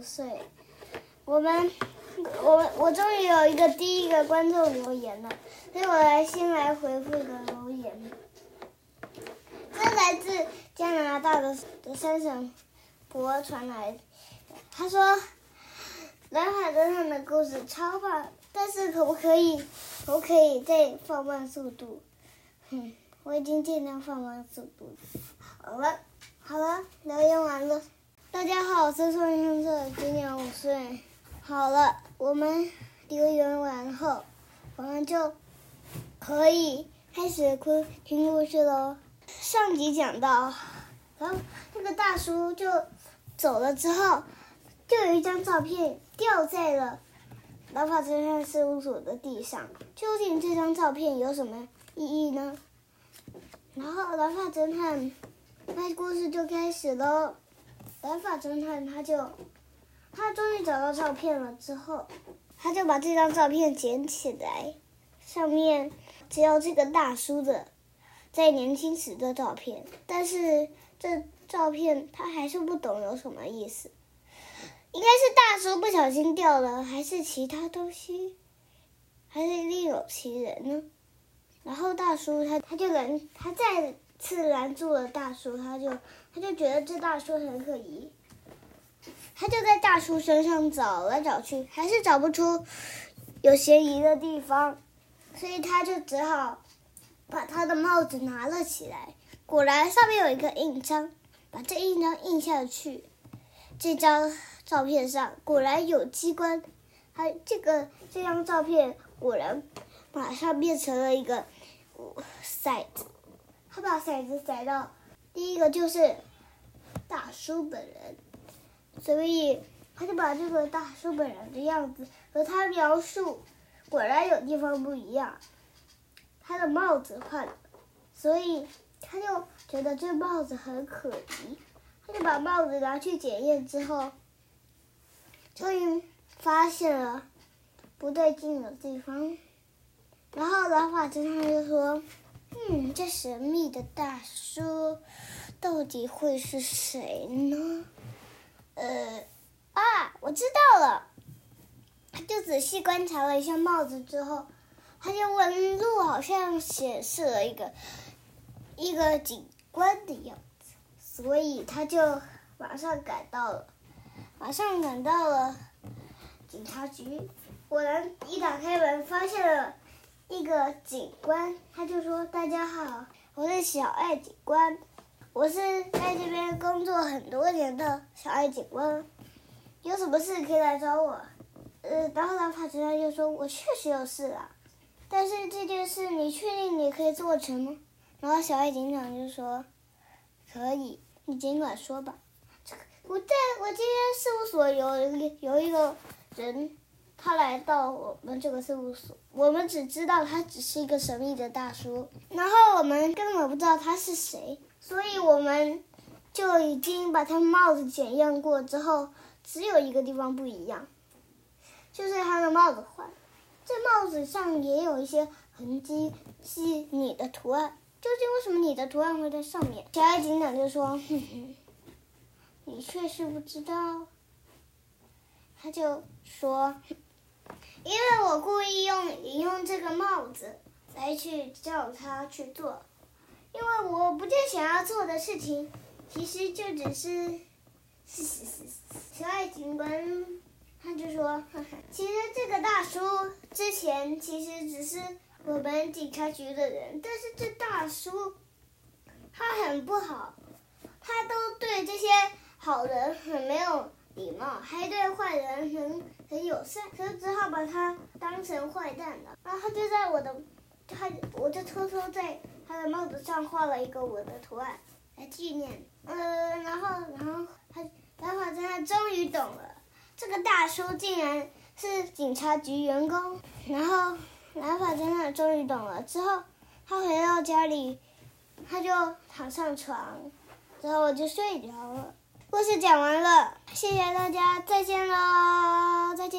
五歲，我們我我終於有一個第一個觀眾留言了，所以我來先來回復一個留言。這來自加拿大的的三嬸婆傳來的，他說：“藍髮偵探的故事超棒，但是可不可以我可以再放慢速度？哼，我已經盡量放慢速度。好了，好了，留言完了。”大家好，我是宋先生，今年五歲。好了，我們留言完後，我們就可以開始哭，聽故事嘍。上集講到，然後那個大叔就走了之後，就有一張照片掉在了藍髮偵探事務所的地上。究竟這張照片有什麼意義呢？然後藍髮偵探，那故事就開始嘍。藍髮偵探，他就他終於找到照片了之後，他就把這張照片撿起來，上面只有這個大叔的在年輕時的照片。但是這照片他還是不懂有什麼意思，應該是大叔不小心掉了，還是其他東西，還是另有其人呢？然後大叔他他就能他在。次攔住了大叔，他就他就覺得這大叔很可疑，他就在大叔身上找來找去，還是找不出有嫌疑的地方，所以他就只好把他的帽子拿了起來。果然上面有一個印章，把這印章印下去，這張照片上果然有機關，還這個這張照片果然馬上變成了一個，site。哦 side, 他把骰子塞到第一個，就是大叔本人，所以他就把這個大叔本人的樣子和他描述，果然有地方不一樣，他的帽子壞了，所以他就覺得這帽子很可疑，他就把帽子拿去檢驗之後，終於發現了不對勁的地方，然後老法官他就說。神秘的大叔到底會是誰呢？呃，啊，我知道了。他就仔細觀察了一下帽子之後，他就紋路好像顯示了一個一個警官的樣子，所以他就馬上趕到了，馬上趕到了警察局。果然，一打開門，發現了。一個警官，他就說：“大家好，我是小愛警官，我是在這邊工作很多年的小愛警官，有什麼事可以來找我。”呃，然後他直接就說：“我確實有事了，啊，但是這件事你確定你可以做成嗎？”然後小愛警長就說：“可以，你儘管說吧。這個，我在我今天事務所有有一個人。”他來到我們這個事務所，我們只知道他只是一個神秘的大叔，然後我們根本不知道他是誰，所以我們就已經把他帽子檢驗過之後，只有一個地方不一樣，就是他的帽子壞了。在帽子上也有一些痕跡，是你的圖案。究竟為什麼你的圖案會在上面？小愛警長就說：“哼哼。你確實不知道。”他就說。因為我故意用引用這個帽子來去叫他去做，因為我不太想要做的事情，其實就只是， 小愛警官他就說，其實這個大叔之前其實只是我們警察局的人，但是這大叔，他很不好，他都對這些好人很沒有。禮貌，還對壞人很很友善，所以只好把他當成壞蛋了。然後他就在我的，他我就偷偷在他的帽子上畫了一個我的圖案來紀念。呃，然後然後，然後他藍髮偵探終於懂了，這個大叔竟然是警察局員工。然後藍髮偵探終於懂了之後，他回到家裡，他就躺上床，之後我就睡着了。故事講完了，謝謝大家，再見嘍，再見。